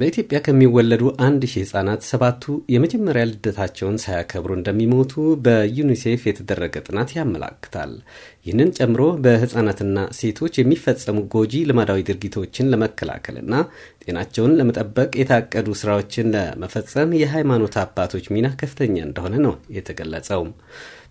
በኢትዮጵያ ከሚወለዱ አንድ ሺህ ህጻናት ሰባቱ የመጀመሪያ ልደታቸውን ሳያከብሩ እንደሚሞቱ በዩኒሴፍ የተደረገ ጥናት ያመላክታል። ይህንን ጨምሮ በህጻናትና ሴቶች የሚፈጸሙ ጎጂ ልማዳዊ ድርጊቶችን ለመከላከልና ጤናቸውን ለመጠበቅ የታቀዱ ስራዎችን ለመፈጸም የሃይማኖት አባቶች ሚና ከፍተኛ እንደሆነ ነው የተገለጸው።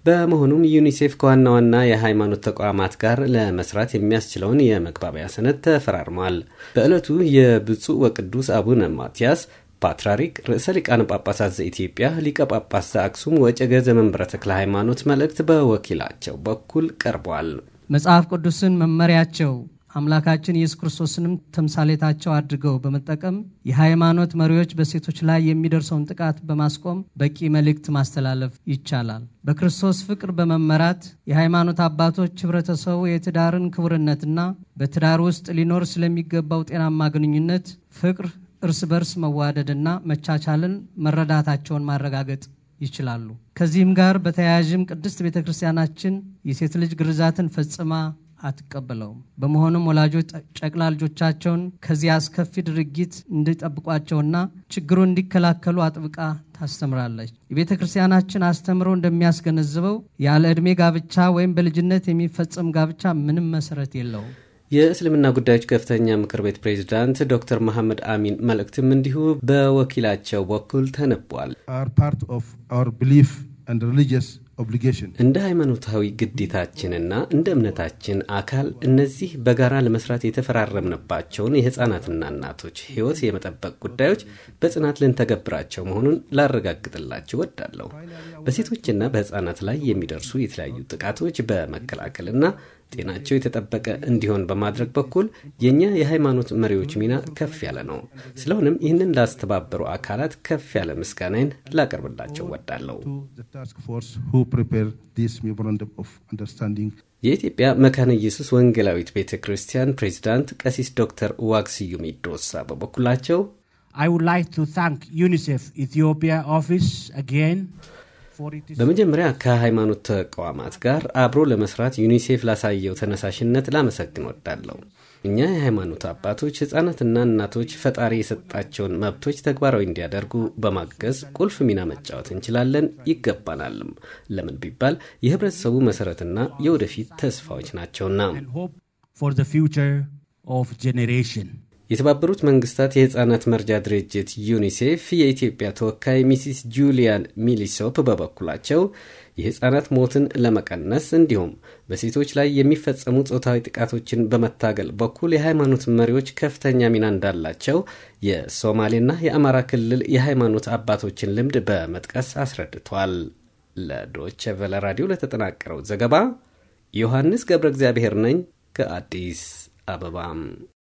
በመሆኑም ዩኒሴፍ ከዋና ዋና የሃይማኖት ተቋማት ጋር ለመስራት የሚያስችለውን የመግባቢያ ሰነድ ተፈራርሟል። በዕለቱ የብፁዕ ወቅዱስ አቡነ ማትያስ ፓትርያርክ ርዕሰ ሊቃነ ጳጳሳት ዘኢትዮጵያ ሊቀ ጳጳስ ዘአክሱም ወዕጨጌ ዘመንበረ ተክለ ሃይማኖት መልእክት በወኪላቸው በኩል ቀርቧል። መጽሐፍ ቅዱስን መመሪያቸው አምላካችን ኢየሱስ ክርስቶስንም ተምሳሌታቸው አድርገው በመጠቀም የሃይማኖት መሪዎች በሴቶች ላይ የሚደርሰውን ጥቃት በማስቆም በቂ መልእክት ማስተላለፍ ይቻላል። በክርስቶስ ፍቅር በመመራት የሃይማኖት አባቶች ህብረተሰቡ የትዳርን ክቡርነትና በትዳር ውስጥ ሊኖር ስለሚገባው ጤናማ ግንኙነት፣ ፍቅር፣ እርስ በርስ መዋደድና መቻቻልን መረዳታቸውን ማረጋገጥ ይችላሉ። ከዚህም ጋር በተያያዥም ቅድስት ቤተ ክርስቲያናችን የሴት ልጅ ግርዛትን ፈጽማ አትቀበለውም። በመሆኑም ወላጆች ጨቅላ ልጆቻቸውን ከዚህ አስከፊ ድርጊት እንዲጠብቋቸውና ችግሩን እንዲከላከሉ አጥብቃ ታስተምራለች። የቤተ ክርስቲያናችን አስተምሮ እንደሚያስገነዝበው ያለ ዕድሜ ጋብቻ ወይም በልጅነት የሚፈጸም ጋብቻ ምንም መሰረት የለውም። የእስልምና ጉዳዮች ከፍተኛ ምክር ቤት ፕሬዚዳንት ዶክተር መሐመድ አሚን መልእክትም እንዲሁ በወኪላቸው በኩል ተነቧል። እንደ ሃይማኖታዊ ግዴታችንና እንደ እምነታችን አካል እነዚህ በጋራ ለመስራት የተፈራረምንባቸውን የሕፃናትና እናቶች ሕይወት የመጠበቅ ጉዳዮች በጽናት ልንተገብራቸው መሆኑን ላረጋግጥላችሁ ወዳለሁ። በሴቶችና በሕፃናት ላይ የሚደርሱ የተለያዩ ጥቃቶች በመከላከልና ጤናቸው የተጠበቀ እንዲሆን በማድረግ በኩል የእኛ የሃይማኖት መሪዎች ሚና ከፍ ያለ ነው። ስለሆነም ይህንን ላስተባበሩ አካላት ከፍ ያለ ምስጋናን ላቀርብላቸው ወዳለው የኢትዮጵያ መካነ ኢየሱስ ወንጌላዊት ቤተ ክርስቲያን ፕሬዚዳንት ቀሲስ ዶክተር ዋክስዩም ኢዶሳ በበኩላቸው I would like to thank UNICEF Ethiopia office again. በመጀመሪያ ከሃይማኖት ተቋማት ጋር አብሮ ለመስራት ዩኒሴፍ ላሳየው ተነሳሽነት ላመሰግን ወዳለሁ። እኛ የሃይማኖት አባቶች ሕፃናትና እናቶች ፈጣሪ የሰጣቸውን መብቶች ተግባራዊ እንዲያደርጉ በማገዝ ቁልፍ ሚና መጫወት እንችላለን ይገባናልም። ለምን ቢባል የህብረተሰቡ መሰረትና የወደፊት ተስፋዎች ናቸውና። የተባበሩት መንግስታት የህፃናት መርጃ ድርጅት ዩኒሴፍ የኢትዮጵያ ተወካይ ሚሲስ ጁሊያን ሚሊሶፕ በበኩላቸው የህፃናት ሞትን ለመቀነስ እንዲሁም በሴቶች ላይ የሚፈጸሙ ጾታዊ ጥቃቶችን በመታገል በኩል የሃይማኖት መሪዎች ከፍተኛ ሚና እንዳላቸው የሶማሌና የአማራ ክልል የሃይማኖት አባቶችን ልምድ በመጥቀስ አስረድቷል። ለዶች ቨለ ራዲዮ ለተጠናቀረው ዘገባ ዮሐንስ ገብረ እግዚአብሔር ነኝ ከአዲስ አበባ